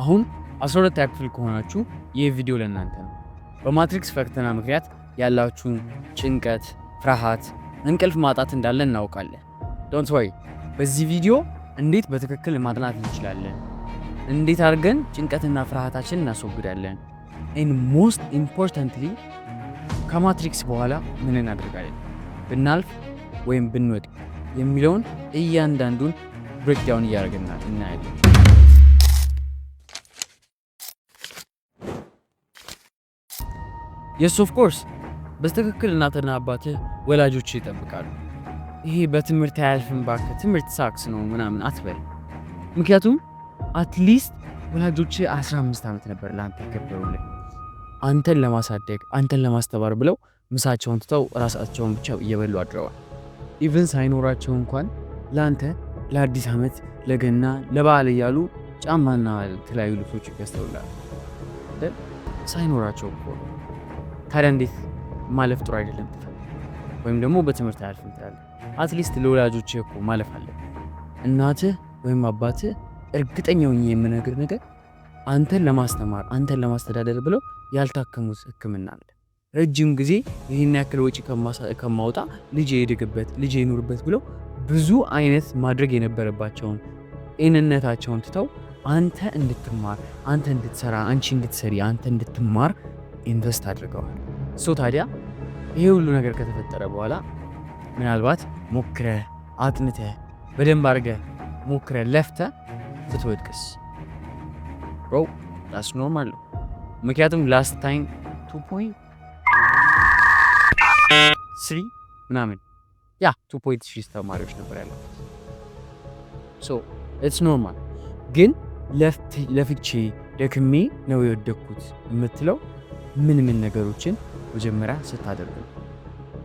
አሁን 12 ክፍል ከሆናችሁ ይህ ቪዲዮ ለእናንተ ነው። በማትሪክስ ፈተና ምክንያት ያላችሁ ጭንቀት፣ ፍርሃት፣ እንቅልፍ ማጣት እንዳለ እናውቃለን። ዶንት ወሪ። በዚህ ቪዲዮ እንዴት በትክክል ማጥናት እንችላለን፣ እንዴት አድርገን ጭንቀትና ፍርሃታችን እናስወግዳለን፣ ኤን ሞስት ኢምፖርታንትሊ ከማትሪክስ በኋላ ምን እናደርጋለን፣ ብናልፍ ወይም ብንወድቅ የሚለውን እያንዳንዱን ብሬክዳውን እያደረግና እናያለን። የስ ኦፍ ኮርስ በትክክል እናትና አባትህ ወላጆች ይጠብቃሉ። ይሄ በትምህርት አያልፍም እባክህ ትምህርት ሳክስ ነው ምናምን አትበል። ምክንያቱም አትሊስት ወላጆች 15 ዓመት ነበር ለአንተ ከበሩልህ አንተን ለማሳደግ አንተን ለማስተባር ብለው ምሳቸውን ትተው ራሳቸውን ብቻ እየበሉ አድረዋል። ኢቨን ሳይኖራቸው እንኳን ለአንተ ለአዲስ ዓመት ለገና ለበዓል እያሉ ጫማና የተለያዩ ልብሶች ያስተውላል ሳይኖራቸው እኮ ታዲያ እንዴት ማለፍ ጥሩ አይደለም ወይም ደግሞ በትምህርት አያልፍም ትላለህ? አትሊስት ለወላጆች እኮ ማለፍ አለ። እናትህ ወይም አባትህ እርግጠኛ ሆኜ የምነግር ነገር አንተን ለማስተማር አንተን ለማስተዳደር ብለው ያልታከሙት ሕክምና አለ። ረጅም ጊዜ ይህን ያክል ወጪ ከማውጣ ልጅ የሄድግበት ልጅ የኑርበት ብለው ብዙ አይነት ማድረግ የነበረባቸውን ጤንነታቸውን ትተው አንተ እንድትማር አንተ እንድትሰራ አንቺ እንድትሰሪ አንተ እንድትማር ኢንቨስት አድርገዋል። ሶ ታዲያ ይሄ ሁሉ ነገር ከተፈጠረ በኋላ ምናልባት ሞክረ አጥንተ በደንብ አድርገ ሞክረ ለፍተ ስትወድቅስ ሮው ላስ ኖርማል ነው። ምክንያቱም ላስት ታይም ቱ ፖይንት ስሪ ምናምን ያ ቱ ፖይንት ተማሪዎች ነበር ያለበት። ሶ ኢትስ ኖርማል ግን ለፍቼ ደክሜ ነው የወደኩት የምትለው ምን ምን ነገሮችን መጀመሪያ ስታደርግ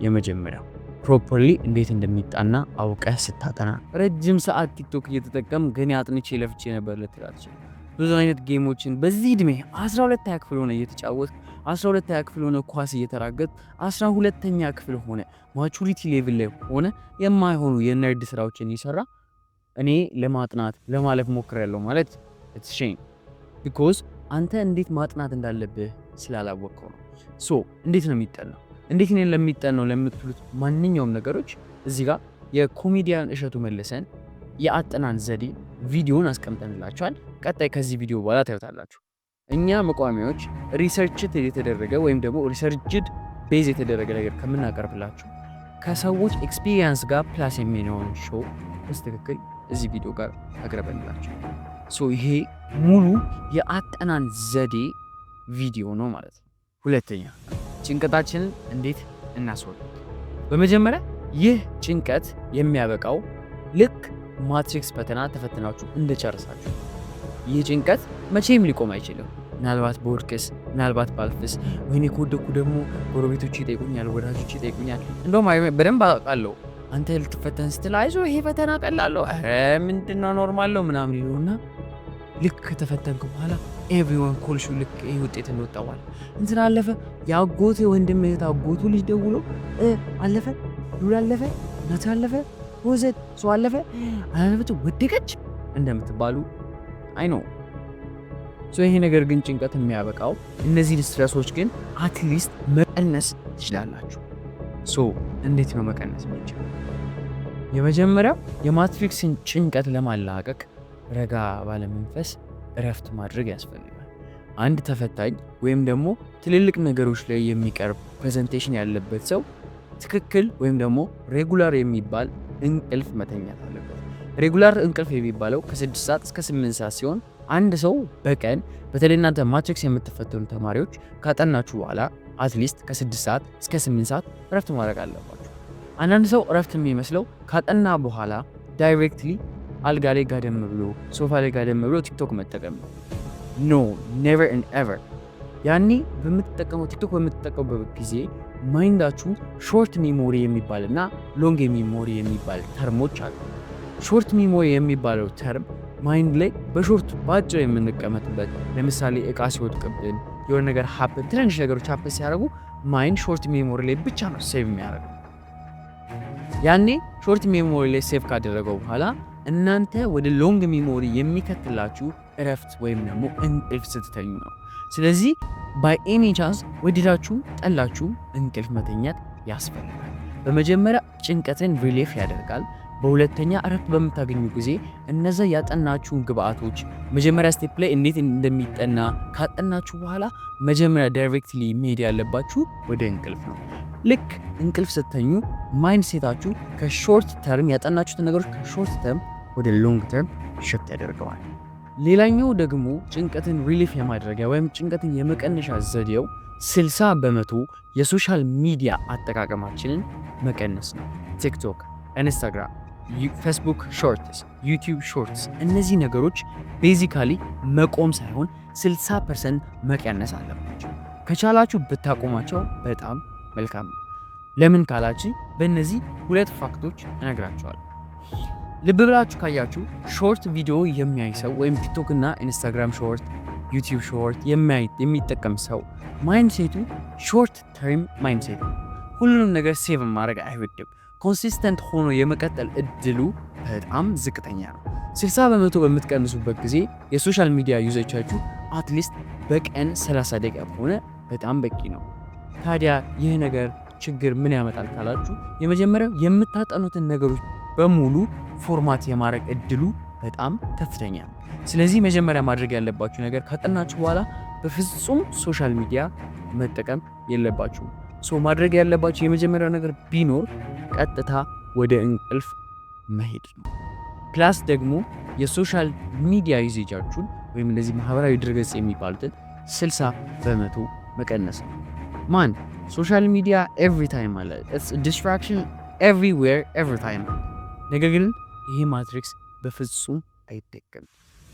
የመጀመሪያው ፕሮፐርሊ እንዴት እንደሚጣና አውቀህ ስታጠና። ረጅም ሰዓት ቲክቶክ እየተጠቀም ግን አጥንቼ ለፍቼ ነበር ልትላች ብዙ አይነት ጌሞችን በዚህ እድሜ 12 ያ ክፍል ሆነ እየተጫወት 12 ያ ክፍል ሆነ ኳስ እየተራገጥ 12 ኛ ክፍል ሆነ ማቹሪቲ ሌቭል ላይ ሆነ የማይሆኑ የነርድ ስራዎችን እየሰራ እኔ ለማጥናት ለማለፍ ሞክሬያለሁ ማለት ቢኮዝ አንተ እንዴት ማጥናት እንዳለብህ ስላላወቀው ነው። ሶ እንዴት ነው የሚጠናው? እንዴት ነው ለሚጠናው ለምትሉት ማንኛውም ነገሮች እዚህ ጋር የኮሜዲያን እሸቱ መለሰን የአጠናን ዘዴ ቪዲዮን አስቀምጠንላችኋል። ቀጣይ ከዚህ ቪዲዮ በኋላ ታዩታላችሁ። እኛ መቋሚያዎች ሪሰርችት የተደረገ ወይም ደግሞ ሪሰርችድ ቤዝ የተደረገ ነገር ከምናቀርብላችሁ ከሰዎች ኤክስፒሪየንስ ጋር ፕላስ የሚሆነውን ሾው በስትክክል እዚህ ቪዲዮ ጋር አቅርበንላችሁ ይሄ ሙሉ የአጠናን ዘዴ ቪዲዮ ነው ማለት ነው። ሁለተኛ ጭንቀታችንን እንዴት እናስወግድ? በመጀመሪያ ይህ ጭንቀት የሚያበቃው ልክ ማትሪክስ ፈተና ተፈትናችሁ እንደጨረሳችሁ። ይህ ጭንቀት መቼም ሊቆም አይችልም። ምናልባት በወድቅስ፣ ምናልባት ባልፍስ፣ ወይኔ ከወደኩ ደግሞ ጎረቤቶች ይጠይቁኛል፣ ወዳጆች ይጠይቁኛል። እንደውም በደንብ አውቃለሁ። አንተ ልትፈተን ስትል አይዞ ይሄ ፈተና ቀላለሁ ነው ኖርማለሁ ምናምን ይሉና ልክ ከተፈተንክ በኋላ ኤቭሪዋን ኮልሹ ልክ ይህ ውጤት እንወጣዋል እንትን አለፈ የአጎቴ ወንድም እህት አጎቱ ልጅ ደውሎ አለፈ ሉል አለፈ እናት አለፈ ወዘት ሰው አለፈ አላለፈች ወደቀች እንደምትባሉ አይ ነው ይሄ ነገር ግን ጭንቀት የሚያበቃው እነዚህን ስትረሶች ግን አትሊስት መቀነስ ትችላላችሁ። ሶ እንዴት ነው መቀነስ የመጀመሪያው የማትሪክስን ጭንቀት ለማላቀቅ ረጋ ባለመንፈስ እረፍት ማድረግ ያስፈልጋል። አንድ ተፈታኝ ወይም ደግሞ ትልልቅ ነገሮች ላይ የሚቀርብ ፕሬዘንቴሽን ያለበት ሰው ትክክል ወይም ደግሞ ሬጉላር የሚባል እንቅልፍ መተኛት አለበት። ሬጉላር እንቅልፍ የሚባለው ከ6 ሰዓት እስከ 8 ሰዓት ሲሆን አንድ ሰው በቀን በተለይ እናንተ ማትሪክስ የምትፈተኑ ተማሪዎች ካጠናችሁ በኋላ አትሊስት ከ6 ሰዓት እስከ 8 ሰዓት እረፍት ማድረግ አለባችሁ። አንዳንድ ሰው እረፍት የሚመስለው ካጠና በኋላ ዳይሬክትሊ አልጋ ላይ ጋደም ብሎ ሶፋ ላይ ጋደም ብሎ ቲክቶክ መጠቀም ነው። ኖ ኔቨር ኤንድ ኤቨር። ያኔ በምትጠቀመው ቲክቶክ በምትጠቀሙበት ጊዜ ማይንዳችሁ ሾርት ሜሞሪ የሚባል እና ሎንግ ሜሞሪ የሚባል ተርሞች አሉ። ሾርት ሜሞሪ የሚባለው ተርም ማይንድ ላይ በሾርቱ በአጭር የምንቀመጥበት ለምሳሌ እቃ ሲወድቅብን የሆነ ነገር ሀፕን ትንንሽ ነገሮች ሀፕን ሲያደርጉ ማይንድ ሾርት ሜሞሪ ላይ ብቻ ነው ሴቭ የሚያደርገው። ያኔ ሾርት ሜሞሪ ላይ ሴቭ ካደረገው በኋላ እናንተ ወደ ሎንግ ሚሞሪ የሚከትላችሁ እረፍት ወይም ደግሞ እንቅልፍ ስትተኙ ነው። ስለዚህ ባይ ኤኒ ቻንስ ወደዳችሁ ጠላችሁ እንቅልፍ መተኛት ያስፈልጋል። በመጀመሪያ ጭንቀትን ሪሊፍ ያደርጋል። በሁለተኛ እረፍት በምታገኙ ጊዜ እነዛ ያጠናችሁን ግብአቶች መጀመሪያ ስቴፕ ላይ እንዴት እንደሚጠና ካጠናችሁ በኋላ መጀመሪያ ዳይሬክትሊ መሄድ ያለባችሁ ወደ እንቅልፍ ነው። ልክ እንቅልፍ ስተኙ ማይንድ ሴታችሁ ከሾርት ተርም ያጠናችሁትን ነገሮች ከሾርት ተርም ወደ ሎንግ ተርም ሽፍት ያደርገዋል። ሌላኛው ደግሞ ጭንቀትን ሪሊፍ የማድረጊያ ወይም ጭንቀትን የመቀነሻ ዘዴው 60 በመቶ የሶሻል ሚዲያ አጠቃቀማችንን መቀነስ ነው። ቲክቶክ፣ ኢንስታግራም፣ ፌስቡክ ሾርትስ፣ ዩቲዩብ ሾርትስ እነዚህ ነገሮች ቤዚካሊ መቆም ሳይሆን 60 ፐርሰንት መቀነስ አለባቸው። ከቻላችሁ ብታቆማቸው በጣም መልካም ነው። ለምን ካላችሁ በእነዚህ ሁለት ፋክቶች እነግራችኋለሁ። ልብ ብላችሁ ካያችሁ ሾርት ቪዲዮ የሚያይ ሰው ወይም ቲክቶክ እና ኢንስታግራም ሾርት፣ ዩቲዩብ ሾርት የሚጠቀም ሰው ማይንድሴቱ ሾርት ተርም ማይንድሴት ነው። ሁሉንም ነገር ሴቭ ማድረግ አይወድም። ኮንሲስተንት ሆኖ የመቀጠል እድሉ በጣም ዝቅተኛ ነው። 60 በመቶ በምትቀንሱበት ጊዜ የሶሻል ሚዲያ ዩዘቻችሁ አትሊስት በቀን 30 ደቂቃ ከሆነ በጣም በቂ ነው። ታዲያ ይህ ነገር ችግር ምን ያመጣል ካላችሁ የመጀመሪያው የምታጠኑትን ነገሮች በሙሉ ፎርማት የማድረግ እድሉ በጣም ከፍተኛ ነው። ስለዚህ መጀመሪያ ማድረግ ያለባችሁ ነገር ካጠናችሁ በኋላ በፍጹም ሶሻል ሚዲያ መጠቀም የለባችሁ። ሶ ማድረግ ያለባችሁ የመጀመሪያው ነገር ቢኖር ቀጥታ ወደ እንቅልፍ መሄድ ነው። ፕላስ ደግሞ የሶሻል ሚዲያ ዩዜጃችሁን ወይም እንደዚህ ማህበራዊ ድረገጽ የሚባሉትን 60 በመቶ መቀነስ ነው። ማን ሶሻል ሚዲያ ኤቭሪ ታይም አለ ዲስትራክሽን ኤቭሪዌር ኤቭሪ ታይም ነገር ግን ይሄ ማትሪክስ በፍጹም አይጠቀም።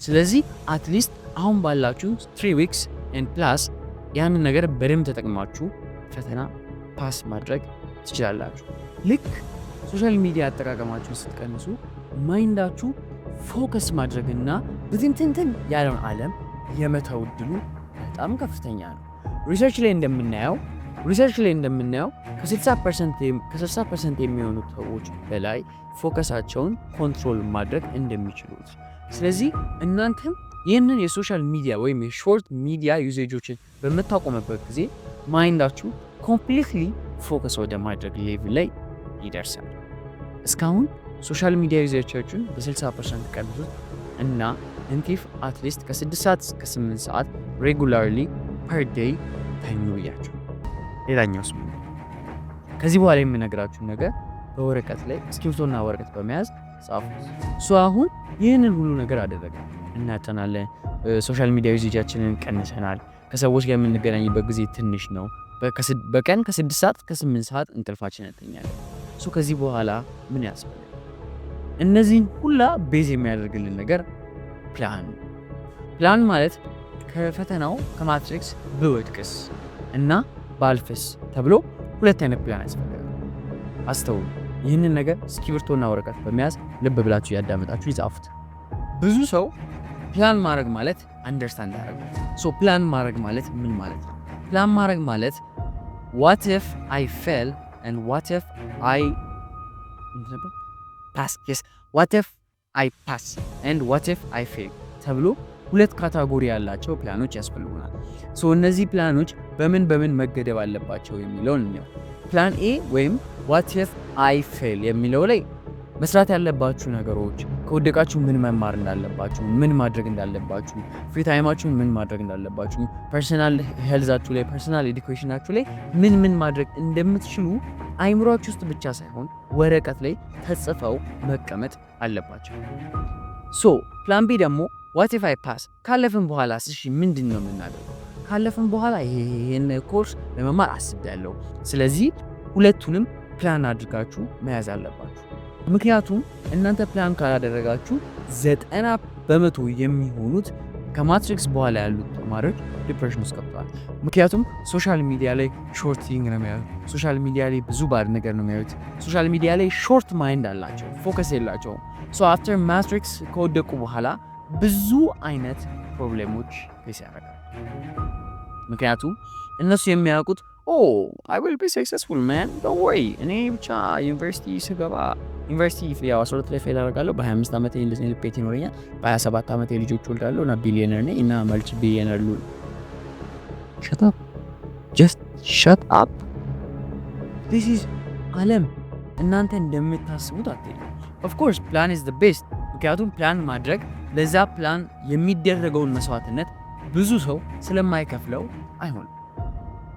ስለዚህ አትሊስት አሁን ባላችሁ ትሪ ዊክስ ኤንድ ፕላስ ያንን ነገር በደንብ ተጠቅማችሁ ፈተና ፓስ ማድረግ ትችላላችሁ። ልክ ሶሻል ሚዲያ አጠቃቀማችሁን ስትቀንሱ ማይንዳችሁ ፎከስ ማድረግና ብትንትንትን ያለውን ዓለም የመተው ድሉ በጣም ከፍተኛ ነው። ሪሰርች ላይ እንደምናየው ሪሰርች ላይ እንደምናየው ከ60 ፐርሰንት የሚሆኑት ሰዎች በላይ ፎከሳቸውን ኮንትሮል ማድረግ እንደሚችሉት። ስለዚህ እናንተም ይህንን የሶሻል ሚዲያ ወይም የሾርት ሚዲያ ዩዜጆችን በምታቆምበት ጊዜ ማይንዳችሁ ኮምፕሊትሊ ፎከስ ወደ ማድረግ ሌቭል ላይ ይደርሳል። እስካሁን ሶሻል ሚዲያ ዩዜቻችን በ60 ፐርሰንት ቀንሱት እና እንቲፍ አትሊስት ከ6 ሰዓት እስከ 8 ሰዓት ሬጉላርሊ ፐር ዴይ ተኙ ሌላኛው ስሙ ከዚህ በኋላ የምነግራችሁን ነገር በወረቀት ላይ እስክሪብቶና ወረቀት በመያዝ ጻፉ። እሱ አሁን ይህንን ሁሉ ነገር አደረገ። እናተናለን። ሶሻል ሚዲያ ዩዜጃችንን ቀንሰናል። ከሰዎች ጋር የምንገናኝበት ጊዜ ትንሽ ነው። በቀን ከስድስት ሰዓት ከስምንት ሰዓት እንቅልፋችን እንተኛለን። እሱ ከዚህ በኋላ ምን ያስፈልጋል? እነዚህን ሁላ ቤዝ የሚያደርግልን ነገር ፕላን ፕላን ማለት ከፈተናው ከማትሪክስ ብወድቅስ እና ባልፍስ ተብሎ ሁለት አይነት ፕላን ያስፈልጋል። አስተውሉ። ይህንን ነገር እስክሪብቶና ወረቀት በመያዝ ልብ ብላችሁ ያዳመጣችሁ ይጻፉት። ብዙ ሰው ፕላን ማድረግ ማለት አንደርስታንድ ያደረጋል። ሶ ፕላን ማድረግ ማለት ምን ማለት ነው? ፕላን ማድረግ ማለት ዋት ኤፍ አይ ፌል ኤንድ ዋት ኤፍ አይ ፓስ ስ ዋት ኤፍ አይ ፓስ ኤንድ ዋት ኤፍ አይ ፌል ተብሎ ሁለት ካታጎሪ ያላቸው ፕላኖች ያስፈልጉናል። ሶ እነዚህ ፕላኖች በምን በምን መገደብ አለባቸው የሚለውን እኛው ፕላን ኤ ወይም ዋት ኢፍ አይ ፌል የሚለው ላይ መስራት ያለባችሁ ነገሮች ከወደቃችሁ ምን መማር እንዳለባችሁ፣ ምን ማድረግ እንዳለባችሁ፣ ፍሪ ታይማችሁን ምን ማድረግ እንዳለባችሁ፣ ፐርሰናል ሄልዛችሁ ላይ ፐርሰናል ኤዱኬሽናችሁ ላይ ምን ምን ማድረግ እንደምትችሉ አይምሯችሁ ውስጥ ብቻ ሳይሆን ወረቀት ላይ ተጽፈው መቀመጥ አለባቸው። ሶ ፕላን ቢ ደግሞ ዋት ኢፍ አይ ፓስ ካለፍን በኋላ ስሺ ምንድን ነው የምናደርገው? ካለፍን በኋላ ይህን ኮርስ ለመማር አስቤያለሁ። ስለዚህ ሁለቱንም ፕላን አድርጋችሁ መያዝ አለባችሁ። ምክንያቱም እናንተ ፕላን ካላደረጋችሁ ዘጠና በመቶ የሚሆኑት ከማትሪክስ በኋላ ያሉት ተማሪዎች ዲፕሬሽን ውስጥ ገብተዋል። ምክንያቱም ሶሻል ሚዲያ ላይ ሾርቲንግ ነው የሚያዩት። ሶሻል ሚዲያ ላይ ብዙ ባድ ነገር ነው የሚያዩት። ሶሻል ሚዲያ ላይ ሾርት ማይንድ አላቸው፣ ፎከስ የላቸውም። ሶ አፍተር ማትሪክስ ከወደቁ በኋላ ብዙ አይነት ፕሮብሌሞች ፌስ ያደርጋል። ምክንያቱም እነሱ የሚያውቁት ኦ አይ ዊል ቢ ሰክሰስፉል ማን ዶንት ወሪ እኔ ብቻ ዩኒቨርሲቲ ስገባ ዩኒቨርሲቲ ያው 12 ላይ ፌል አደርጋለሁ በ25 ዓመት ልጴት ይኖረኛል በ27 ዓመት ልጆች ወልዳለሁ እና ቢሊዮነር ነኝ እና መልች ቢሊዮነር ሉ ሸት አፕ ጀስት ሸት አፕ ኢዝ እናንተ እንደምታስቡት አትሄዱ። ኦፍኮርስ ፕላን ኢዝ ዘ ቤስት። ምክንያቱም ፕላን ማድረግ ለዛ ፕላን የሚደረገውን መስዋዕትነት ብዙ ሰው ስለማይከፍለው አይሆንም።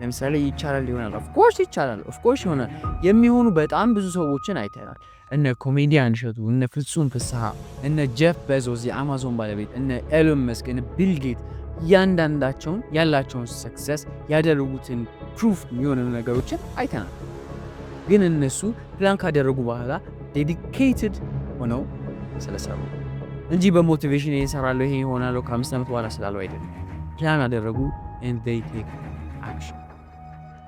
ለምሳሌ ይቻላል ይሆናል፣ ኦፍኮርስ ይቻላል፣ ኦፍኮርስ ይሆናል የሚሆኑ በጣም ብዙ ሰዎችን አይተናል። እነ ኮሜዲያን እሸቱ፣ እነ ፍጹም ፍስሐ፣ እነ ጀፍ ቤዞስ የአማዞን ባለቤት፣ እነ ኤሎን መስክ፣ እነ ቢል ጌት እያንዳንዳቸውን ያላቸውን ሰክሰስ ያደረጉትን ፕሩፍ የሚሆነ ነገሮችን አይተናል። ግን እነሱ ፕላን ካደረጉ በኋላ ዴዲኬትድ ሆነው ስለሰሩ እንጂ በሞቲቬሽን ይሰራለሁ ይሄ ይሆናለሁ ከአምስት ዓመት በኋላ ስላለው አይደለም። ፕላን አደረጉ ኤንድ ቴክ አክሽን።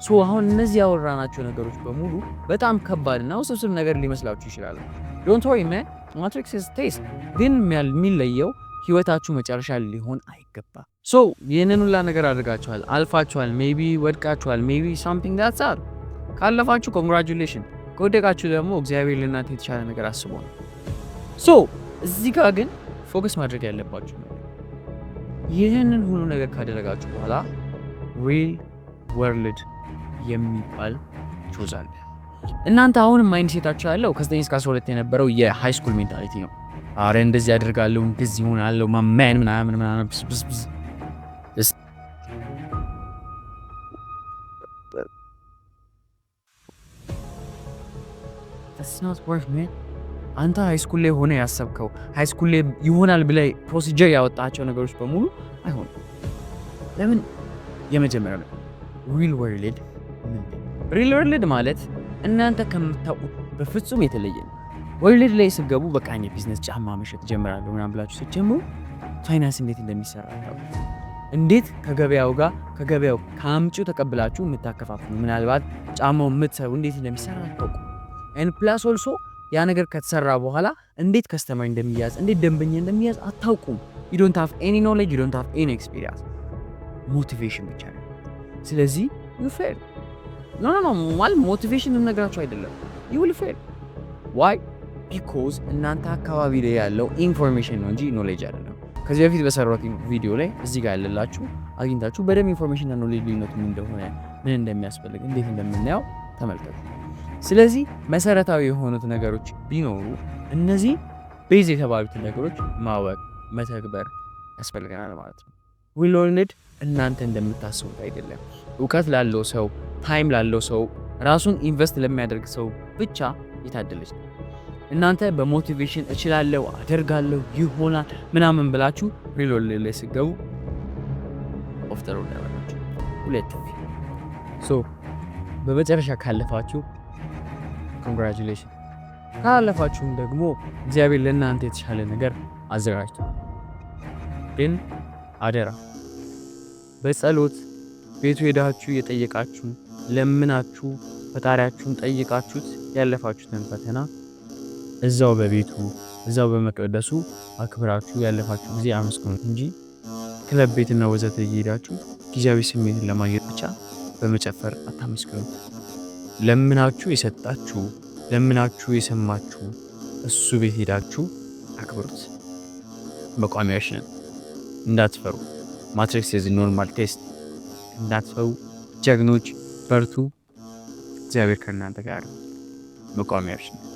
ሶ አሁን እነዚህ ያወራናቸው ነገሮች በሙሉ በጣም ከባድና ውስብስብ ነገር ሊመስላችሁ ይችላል። ዶንት ወሪ ማን ማትሪክስ ቴስት ግን የሚለየው ህይወታችሁ መጨረሻ ሊሆን አይገባ ሶ ይህንን ሁላ ነገር አድርጋችኋል፣ አልፋችኋል፣ ሜቢ ወድቃችኋል፣ ሜቢ ሳምቲንግ ዳትስ አር ካለፋችሁ ኮንግራጁሌሽን፣ ከወደቃችሁ ደግሞ እግዚአብሔር ልናንተ የተሻለ ነገር አስቦ ነው። ሶ እዚህ ጋር ግን ፎከስ ማድረግ ያለባችሁ ይህንን ሁሉ ነገር ካደረጋችሁ በኋላ ሪል ወርልድ የሚባል ቾዛል። እናንተ አሁን ማይንድሴታችሁ ሴታችሁ ያለው ከዘጠኝ እስከ 12 የነበረው የሃይ ስኩል ሜንታሊቲ ነው። አረ እንደዚህ ያደርጋለሁ እንደዚህ ሆናለሁ ማመን ምናምን ምናምን ብስብስብስ That's not worth it. አንተ ሃይስኩል ላይ ሆነ ያሰብከው ሃይስኩል ላይ ይሆናል ብለህ ፕሮሲጀር ያወጣቸው ነገሮች በሙሉ አይሆንም። ለምን? የመጀመሪያ ነው ሪል ወርልድ። ሪል ወርልድ ማለት እናንተ ከምታውቁት በፍጹም የተለየ ነው። ወርልድ ላይ ስገቡ በቃ እኔ ቢዝነስ ጫማ መሸጥ ጀምራለሁ ምናምን ብላችሁ ስትጀምሩ ፋይናንስ እንዴት እንደሚሰራ እንዴት ከገበያው ጋር ከገበያው ከአምጪው ተቀብላችሁ የምታከፋፍሉ ምናልባት ጫማው የምትሰሩ እንዴት እንደሚሰራ አታውቁ ፕላስ ኦልሶ ያ ነገር ከተሰራ በኋላ እንዴት ከስተመር እንደሚያዝ እንዴት ደንበኛ እንደሚያዝ አታውቁም። ዩ ዶንት ሃቭ ኤኒ ኖሌጅ ዩ ዶንት ሃቭ ኤኒ ኤክስፒሪያንስ ሞቲቬሽን ብቻ ነው። ስለዚህ ዩ ፌል ኖ ኖ ኖ ማለት ሞቲቬሽን የምነግራቸው አይደለም። ዩ ዊል ፌል ዋይ ቢኮዝ እናንተ አካባቢ ላይ ያለው ኢንፎርሜሽን ነው እንጂ ኖሌጅ አይደለም። ከዚህ በፊት በሰራት ቪዲዮ ላይ እዚህ ጋር ያለላችሁ አግኝታችሁ በደንብ ኢንፎርሜሽን እና ኖሌጅ ልዩነቱ ምን እንደሆነ ምን እንደሚያስፈልግ እንዴት እንደምናየው ተመልከቱ። ስለዚህ መሰረታዊ የሆኑት ነገሮች ቢኖሩ እነዚህ ቤዝ የተባሉትን ነገሮች ማወቅ መተግበር ያስፈልገናል ማለት ነው። ዊሎርንድ እናንተ እንደምታስቡት አይደለም። እውቀት ላለው ሰው፣ ታይም ላለው ሰው፣ ራሱን ኢንቨስት ለሚያደርግ ሰው ብቻ የታደለች ነው። እናንተ በሞቲቬሽን እችላለሁ፣ አደርጋለሁ፣ ይሆናል ምናምን ብላችሁ ሪሎል ላይ ስገቡ ኦፍተሮ ሁለት በመጨረሻ ካለፋችሁ ኮንግራጁሌሽን። ካላለፋችሁም ደግሞ እግዚአብሔር ለእናንተ የተሻለ ነገር አዘጋጅቶ፣ ግን አደራ በጸሎት ቤቱ ሄዳችሁ የጠየቃችሁ ለምናችሁ ፈጣሪያችሁን ጠይቃችሁት ያለፋችሁትን ፈተና እዛው በቤቱ እዛው በመቅደሱ አክብራችሁ ያለፋችሁ ጊዜ አመስግኑት እንጂ ክለብ ቤትና ወዘተ እየሄዳችሁ ጊዜያዊ ስሜትን ለማግኘት ብቻ በመጨፈር አታመስግኑት። ለምናችሁ የሰጣችሁ ለምናችሁ የሰማችሁ እሱ ቤት ሄዳችሁ አክብሩት። በቋሚዎች ነን፣ እንዳትፈሩ። ማትሪክስ የዚህ ኖርማል ቴስት እንዳትፈሩ። ጀግኖች በርቱ። እግዚአብሔር ከእናንተ ጋር። በቋሚዎች ነን።